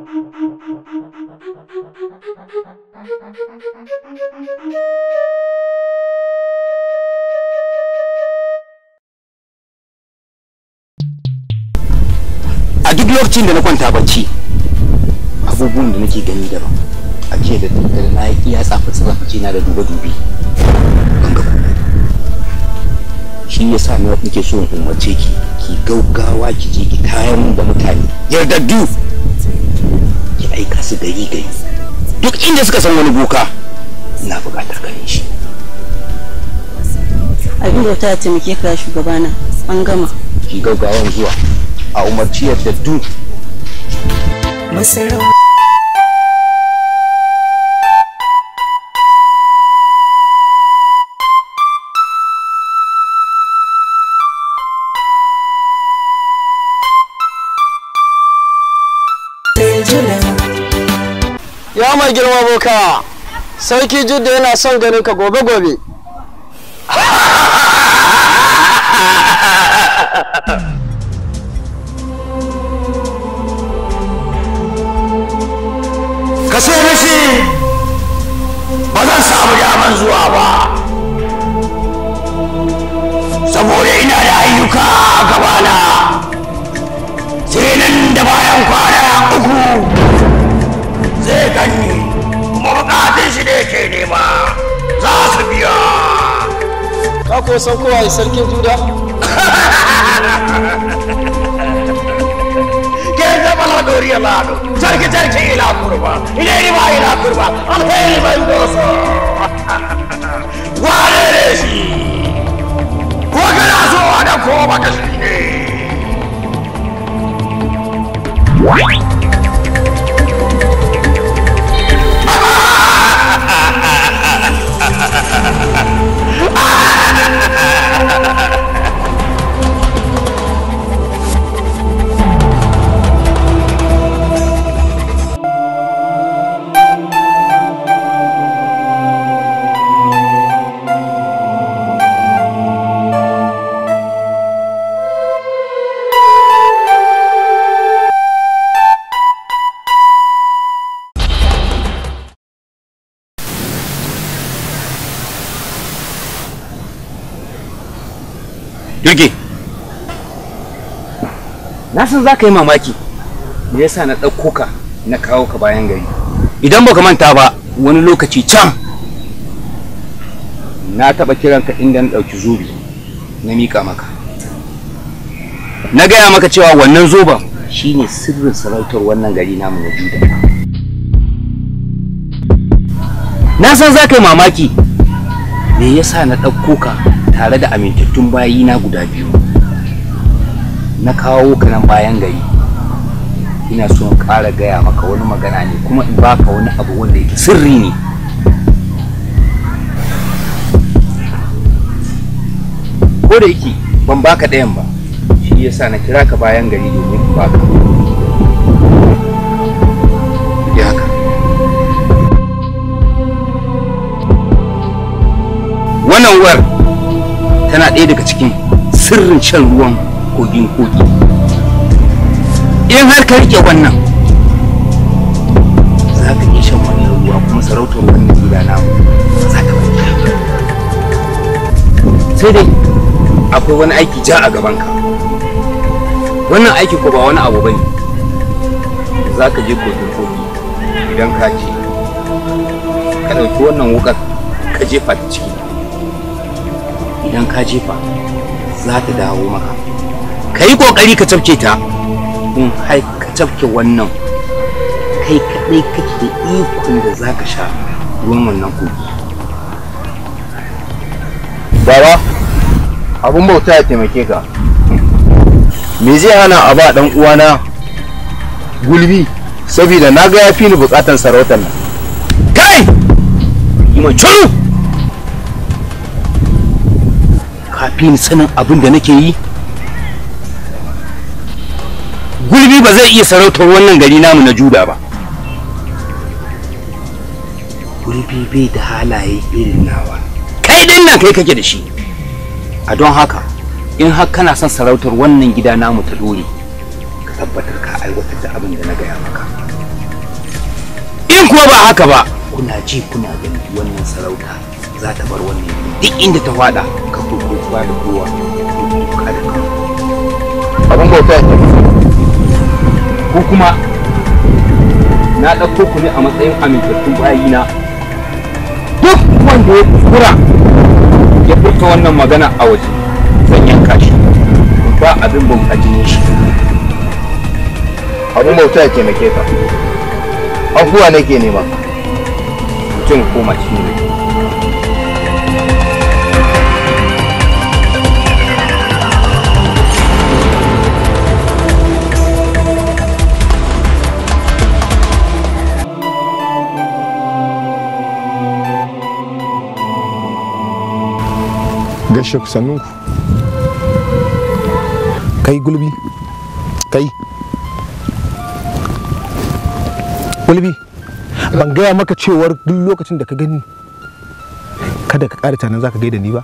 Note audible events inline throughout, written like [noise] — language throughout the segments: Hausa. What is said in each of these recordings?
a duk lokacin da na kwanta bacci abubuwan da nake gani daban a jiya da daddare na yi iya tsafa tsafaci na da duba dubi shi ya sa nake so in umarce ki ki gaugawa ki je ki kayan da mutane yarda aika su gari gari duk inda suka san wani boka na bukatar ganin shi abin da ta taimake ka na an gama ki gaugawan zuwa a umarci yadda duk masarau boka sarki jidda yana son ganin ka gobe gobe ka ce mishi ba zan samu daman zuwa ba saboda ina da ayyuka a gabana sai nan da bayan kwana uku zai ganni ka ko san kowa ya sarkin juda ke bala doriya lado sarki sarki ila kurba yi riba ila kurba alheri ban doso ware ne shi ko kana so da ko baka shi ne Jirgi. Na san za ka yi mamaki. Me yasa na ɗauko ka na kawo ka bayan gari. Idan baka manta ba wani lokaci can na taɓa kiran ka inda na ɗauki zubi na miƙa maka. Na gaya maka cewa wannan zoben shine sirrin sarautar wannan gari namu na Juda. Na san za ka yi mamaki. Me yasa na ɗauko ka tare da amintattun bayina guda biyu na kawo ka nan bayan gari ina so in ƙara gaya maka wani magana ne kuma in baka wani abu wanda yake sirri ne ko da yake ban baka ɗayan ba shi yasa na kira ka bayan gari domin in baka wannan uwar tana ɗaya daga cikin sirrin shan ruwan kogin kogi in har ka rike wannan za ka iya shan wannan ruwa kuma sarautar wannan gida na za ka sai dai akwai wani aiki ja a gabanka wannan aiki ko ba wani abu bane za ka je kogin kogi idan ka je ka ɗauki wannan wukar ka jefa ta ciki idan ka jefa za ta dawo maka ka yi ƙoƙari ka tafke ta in har ka tafke wannan kai kaɗai kake da ikon da za ka sha ruwan wannan kogi baba abun bauta ya taimake ka me zai hana a ba dan uwana gulbi saboda na ga ya fi ni bukatan sarautar nan kai fi ni sanin abin da nake yi gulbi ba zai iya sarautar wannan gari namu na juda ba gulbi bai da halaye irin nawa kai din nan kai kake da shi a don haka in har kana son sarautar wannan gida namu ta dore ka tabbatar ka aiwatar da abin da na gaya maka in kuwa ba haka ba kuna ji kuna gani wannan sarauta za ta bar wannan duk inda ta fada ba da kowa abin bauta ya ko kuma na ɗauko ku ne a matsayin amintattun bayina duk wanda ya kura ya furta wannan magana a waje zan yanka shi ba abin bauta jini shi abin bauta ya taimake ka afuwa ke nema mutum ko mace ne Gashe ku kai gulbi kai gulbi ban gaya maka cewar duk lokacin da ka gani kada ka ƙara tunanin za ka gaida ni ba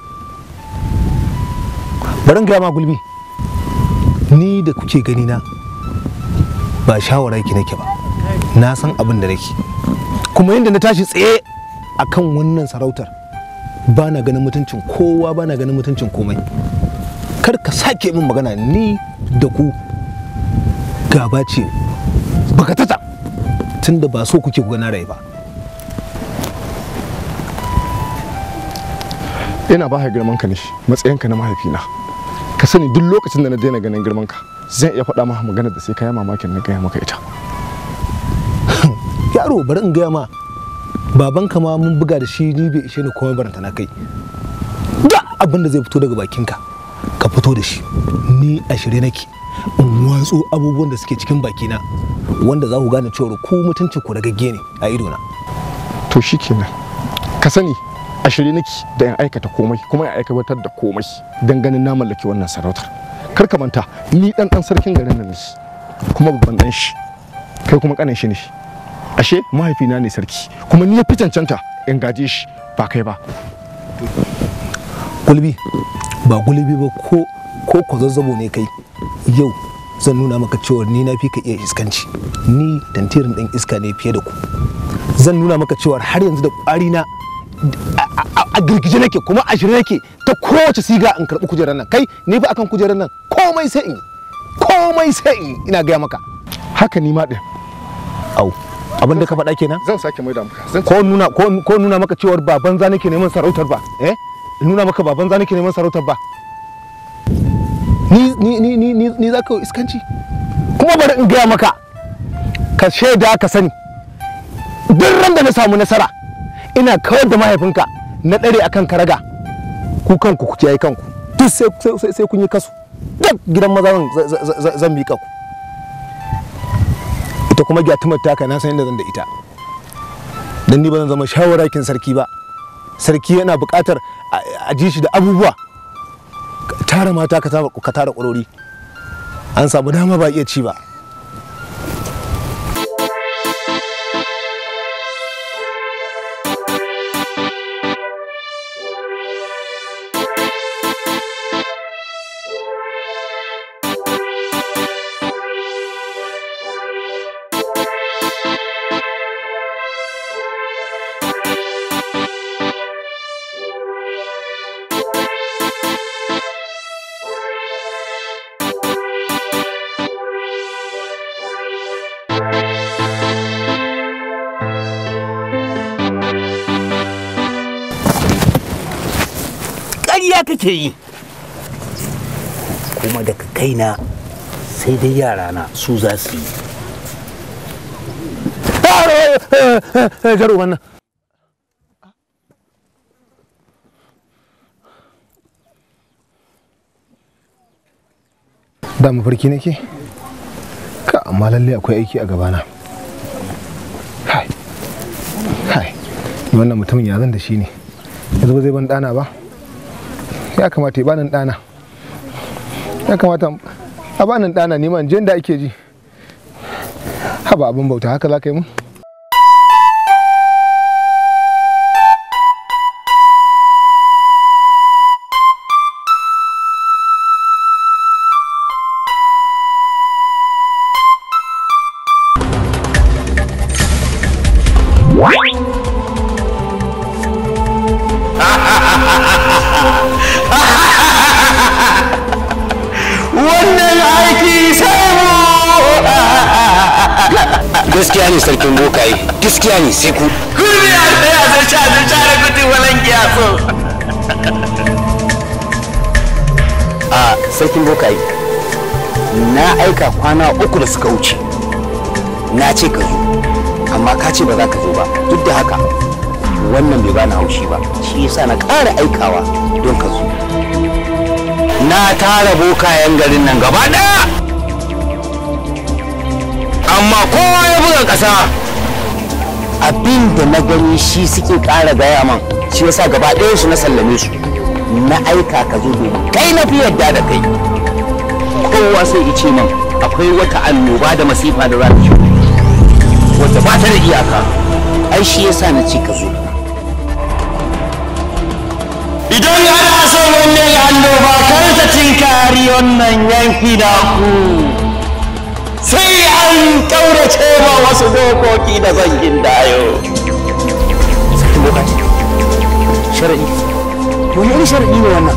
barin gaya ma gulbi ni da kuke gani na ba shawara ki nake ba na san abin da nake kuma yadda na tashi tsaye akan wannan sarautar ba na ganin mutuncin kowa ba na ganin mutuncin komai kar ka sake min magana ni da ku gaba ce baka tata tunda ba so kuke gana rai ba ina ba girman ka ne matsayinka na mahaifina ka sani duk lokacin da na daina ganin girman ka zan iya faɗa maka magana da sai ka yi mamakin na gaya maka ita [laughs] yaro bari in gaya ma baban ka ma mun buga da shi ni bai ishe ni komai baranta na kai da abin da zai fito daga bakinka ka fito da shi ni a shirye nake in watso abubuwan da suke cikin bakina wanda za ku gane cewar ku mutunci ku ragagge ne a idona to shikenan ka sani a shirye nake da in aikata komai kuma in aikatar da komai dan ganin na mallaki wannan sarautar kar ka manta ni dan dan sarkin garin nan ne kuma babban dan shi kai kuma kanin shi ne shi ashe mahaifina ne sarki kuma ni ya fi cancanta in gaje shi ba kai ba gulbi ba gulbi ba ko ko kwazazzabo ne kai yau zan nuna maka cewa ni na fi ka iya iskanci ni tantirin ɗin iska ne fiye da ku zan nuna maka cewa har yanzu da ƙwari na a girgije nake kuma a shirye nake ta kowace siga in karɓi kujerar nan kai ni ba akan kujerar nan komai sai in komai sai in ina gaya maka haka ni ma ɗin au abin da ka faɗa kenan zan sake mai da ko nuna ko nuna maka cewar ba banza nake neman sarautar ba eh nuna maka ba banza nake neman sarautar ba ni ni ni ni ni, zaka iskanci kuma bari in gaya maka ka shaida ka sani duk ran da na samu nasara ina kawar da mahaifinka na dare akan karaga ku kanku ku kiyaye kanku duk sai kun yi kasu duk gidan maza zan miƙa ku ita kuma gyatumar taka na san inda zan da ita dan ni ba zan zama shawarakin sarki ba sarki yana buƙatar a ji shi da abubuwa tara mata ka tara ƙwarori an samu dama ba iya ci ba nake yi kuma daga kaina sai dai yarana su za su yi wannan eh, eh, eh, da mafarki nake ka amma lalle akwai aiki a gabana hai hai wannan mutumin ya zan da shi ne yanzu ba zai ban dana ba ya kamata ya bani ɗana ya kamata a bani dana neman jin da ake ji haba abin bauta haka za ka yi mun sarkin bokaye na aika kwana uku da suka wuce na ce ka zo amma ka ce ba za ka zo ba duk da haka wannan bai bani haushi ba shi yasa na ƙara aikawa don ka zo na tara bokayen garin nan gaba ɗaya amma kowa ya buga ƙasa abin da na gani shi suke ƙara gaya man shi yasa gaba su na sallame su na aika ka zo domin kai na fi yadda da kai kowa sai ice man akwai wata annoba da masifa da za ta shigo wata ba ta da iyaka ai shi sa na ce ka zo idan ana so wannan annoba kar ta kari wannan yanki da ku sai an kaurace ma wasu dokoki da zangin dayo shari'i wani irin sharaɗi ne wannan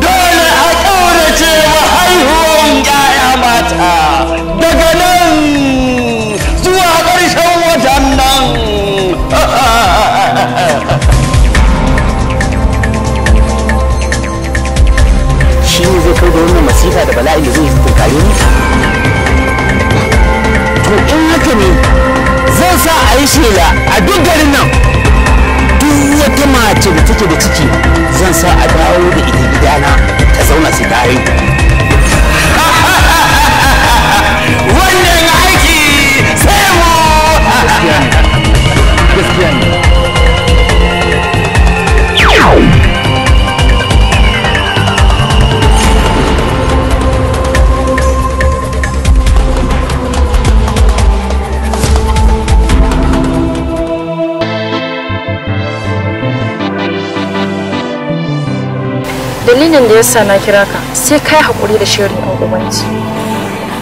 dole a ƙaurace wa haihuwan ƴaƴa mata daga nan zuwa ƙarshen watan nan [laughs] shi ne zai kai da wannan masifa da bala'i da zai kare ni to in haka ne zan sa a yi shela a duk garin nan wata mace da take da ciki zan sa a dawo da ita gidana ta zauna su tare [laughs] wannan aiki sai mu [laughs] gaskiya ne dalilin da yasa na kira ka sai kai hakuri da shirin ɗan ubanci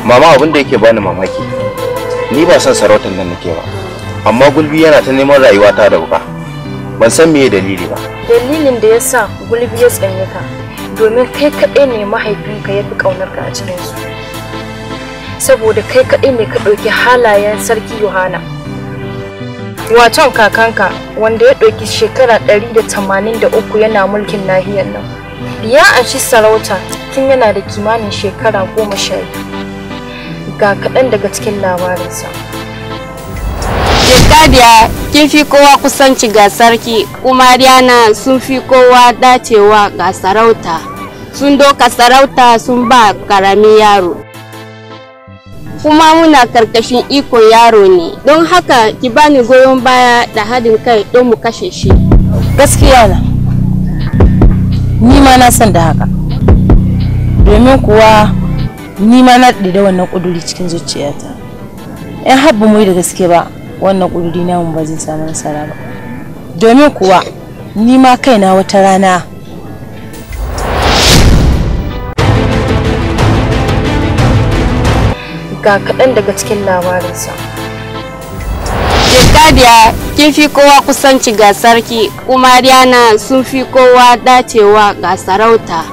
mama abin da yake bani mamaki ni ba son sarautar nan nake ba amma gulbi yana ta neman rayuwa ta da wuka ban san meye dalili ba dalilin da yasa gulbi ya tsanye ka domin kai kaɗai ne mahaifinka ya fi ƙaunar ka a cikin su saboda kai kaɗai ne ka ɗauki halayen sarki yohana waton kakanka wanda ya ɗauki shekara 183 yana mulkin nahiyar nan ya anshi sarauta tun yana da kimanin shekara goma sha ga kaɗan daga cikin labarinsa. Jakadiya kin fi kowa kusanci ga sarki, kuma Diana sun fi kowa dacewa ga sarauta. Sun doka sarauta sun ba karami yaro. Kuma muna karkashin iko yaro ne, don haka ki bani goyon baya da haɗin kai don mu kashe shi. Gaskiya na. ni ma na san da haka domin kuwa ni ma na da wannan ƙuduri cikin zuciyata in har ba mu da gaske ba wannan ƙuduri namu ba zai samu nasara ba domin kuwa ni ma kaina wata rana ga kaɗan daga cikin labarinsa. Jekadiya kin fi kowa kusanci ga sarki kuma Riana sun fi kowa dacewa ga sarauta.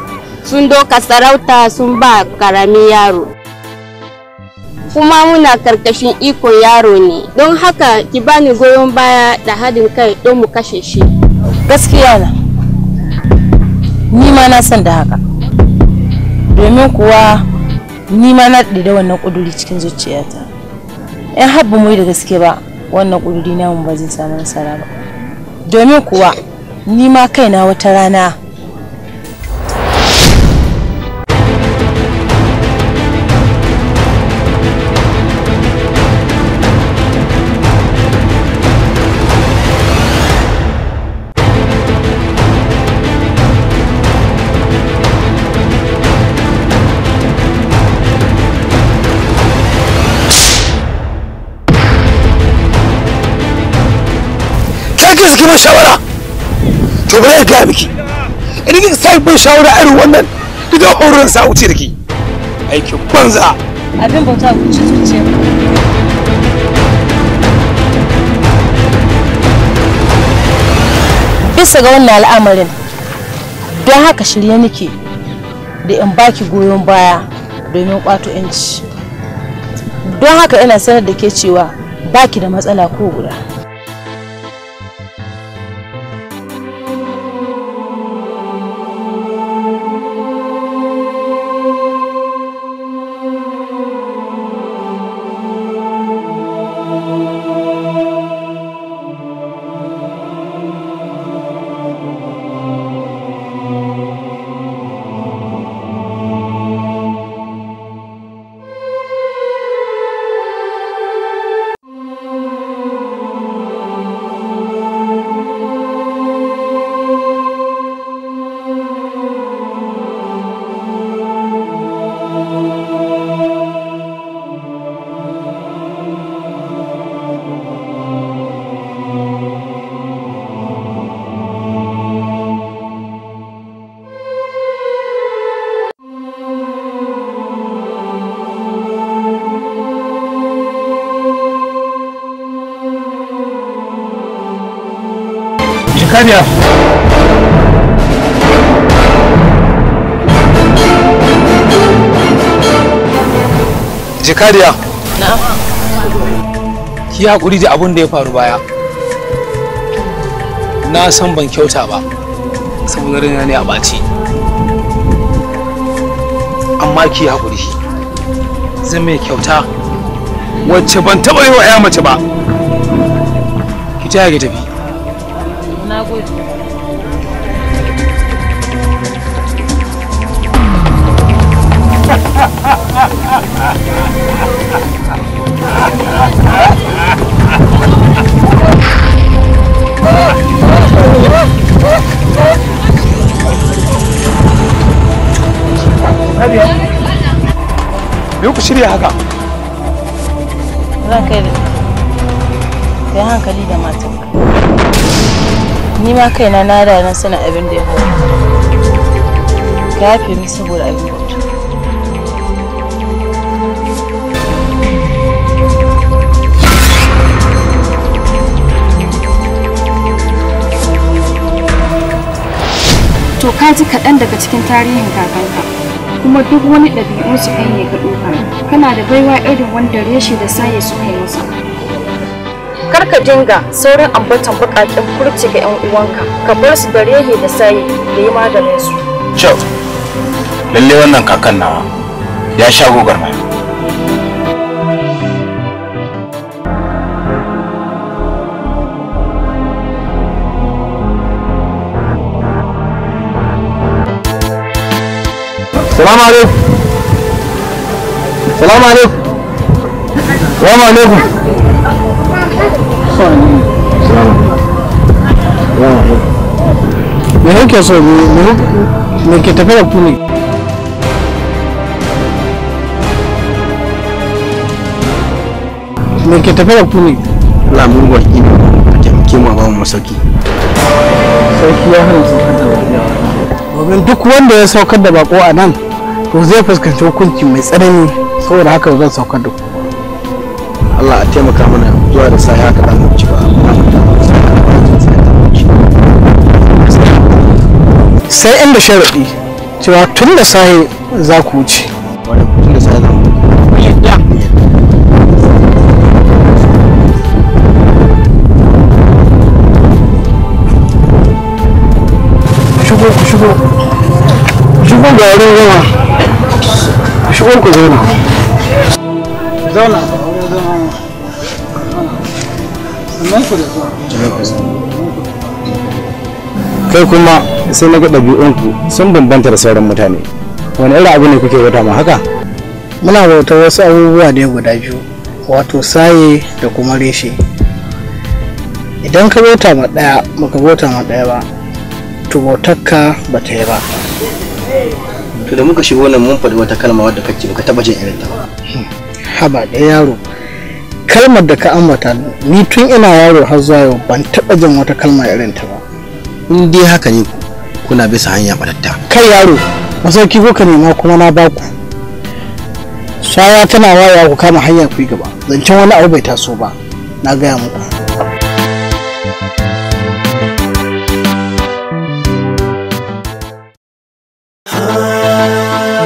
Sun doka sarauta sun ba karami yaro. Kuma muna karkashin iko yaro ne, don haka ki bani goyon baya da haɗin kai don mu kashe shi. Gaskiya na, ni ma na san da haka. Domin kuwa ni ma na da wannan ƙuduri cikin zuciyata. ‘Yan habba mu da gaske ba, wannan ƙuduri namu ba zai samu nasara ba domin kuwa ni ma kaina wata rana ki mun shawara to ba ya gaya miki idan kika sai mun shawara irin wannan duka horon sa wuce da ki aiki banza abin bauta ku ci zuciya bisa ga wannan al'amarin don haka shirye nake da in baki goyon baya domin kwato 'yanci don haka ina sanar da ke cewa baki da matsala ko guda kariya ki haƙuri da abun da ya faru baya na san ban kyauta ba saboda rina ne a ɓaci amma ki haƙuri zan mai kyauta wacce ban taɓa yi wa ya mace ba ki ta tafi ka shirya haka za ka yi da hankali da matan ni ma kaina na da na sanin abin da ya faru ka yafe mu saboda abin da to ka ji kaɗan daga cikin tarihin kakanka kuma duk wani ɗabi'un su kan yi ka kana da baiwa irin wanda reshe da saye su kai masa kar ka dinga sauran ambatan bukatun furci ga 'yan uwanka ka bar su da rehe da saye da yi maganin su kyau lalle wannan kakan nawa ya sha gogar mai salamu alaikum salamu alaikum salamu me ke tafi da ku me ke tafe da ku ne lamun gwaki ne a taimake mu ba mu sauki ya hana saukar duk wanda ya saukar da baƙo a nan to zai fuskanci hukunci mai tsanani saboda haka zan saukar da ku Allah a taimaka mana zuwa da sai haka da mu ci ba sai inda sharaɗi cewa tun da sahi za ku wuce tun da sahi za shigo ku shigo shigo ga wurin zama shigo ku zauna kai kuma sai na ga ɗabi'unku sun bambanta da sauran mutane wani irin abu ne kuke wata ma haka muna bauta wasu abubuwa ne guda biyu wato saye da kuma reshe idan ka bauta ma ɗaya baka bauta ma ɗaya ba to bautarka ba ta yi ba to da muka shigo nan mun faɗi wata kalma wadda kake baka taɓa jin irin ta ba haba da yaro kalmar da ka ambata ni tun ina yaro har zuwa yau ban taɓa jin wata kalma irin ta ba in dai haka ne kuna bisa hanya ɓatatta kai yaro masauki ko ka nema kuma na ba ku. shaya tana waya ku kama hanya ku yi gaba zancen wani abu bai taso ba na gaya muku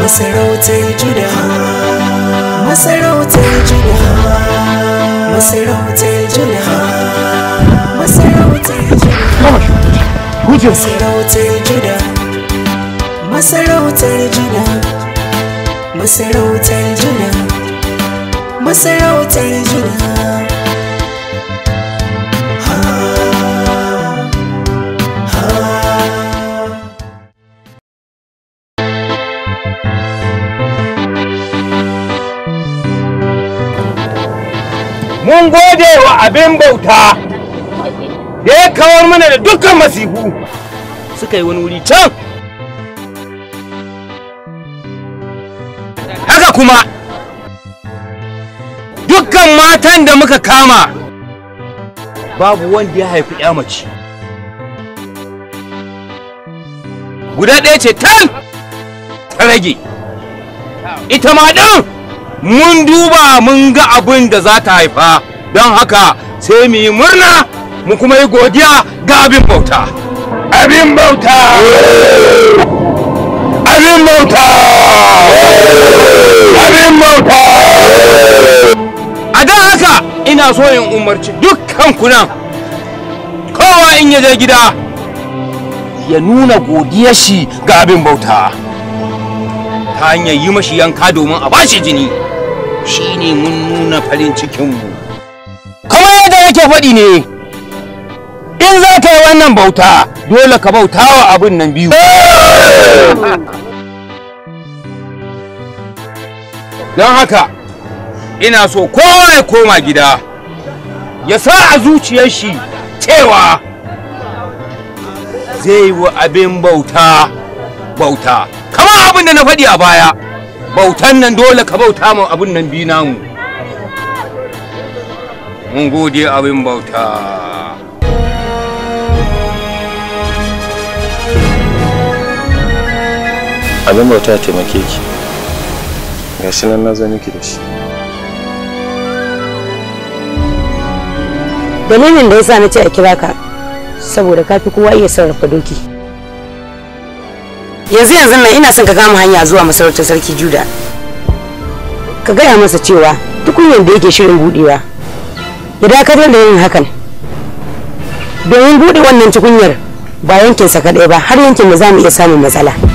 masarautar juda masarautar juda masarautar juda masarautar juda masarautar juda masarautar juda masarautar juda masarautar juda mun gode wa abin bauta da ya kawar mana da dukkan masihu suka yi wani wuri can haka kuma dukkan matan da muka kama babu wanda ya haifi ya mace guda ɗaya ce tan ta rage ita ma ɗan mun duba mun ga abin da za ta haifa don haka sai mu yi murna mu kuma yi godiya ga abin bauta abin bauta abin bauta abin bauta a don haka ina so in umarci dukkan kunan kowa in ya je gida ya nuna godiyar shi ga abin bauta ta hanyar yi mashi yanka domin a bashi jini shine mun nuna farin cikinmu kamar yadda yake faɗi ne in za ka yi wannan bauta dole ka bauta wa abin nan biyu don haka ina so kowa ya koma gida ya sa a zuciyar shi cewa zai yi wa abin bauta bauta kamar abin da na faɗi a baya bautan nan dole ka bauta mu abin nan bi namu mun gode abin bauta abin bauta ya taimake ki ga shi nan na miki da shi dalilin da ya sa na ce a kira ka saboda kafi fi kowa iya sarrafa doki yanzu yanzu nan ina son ka gama hanya zuwa masarautar sarki juda ka gaya masa cewa tukunyar da yake shirin budewa ya dakatar da yin hakan domin bude wannan tukunyar ba yankinsa kaɗai ba har yankin da za mu iya samun matsala.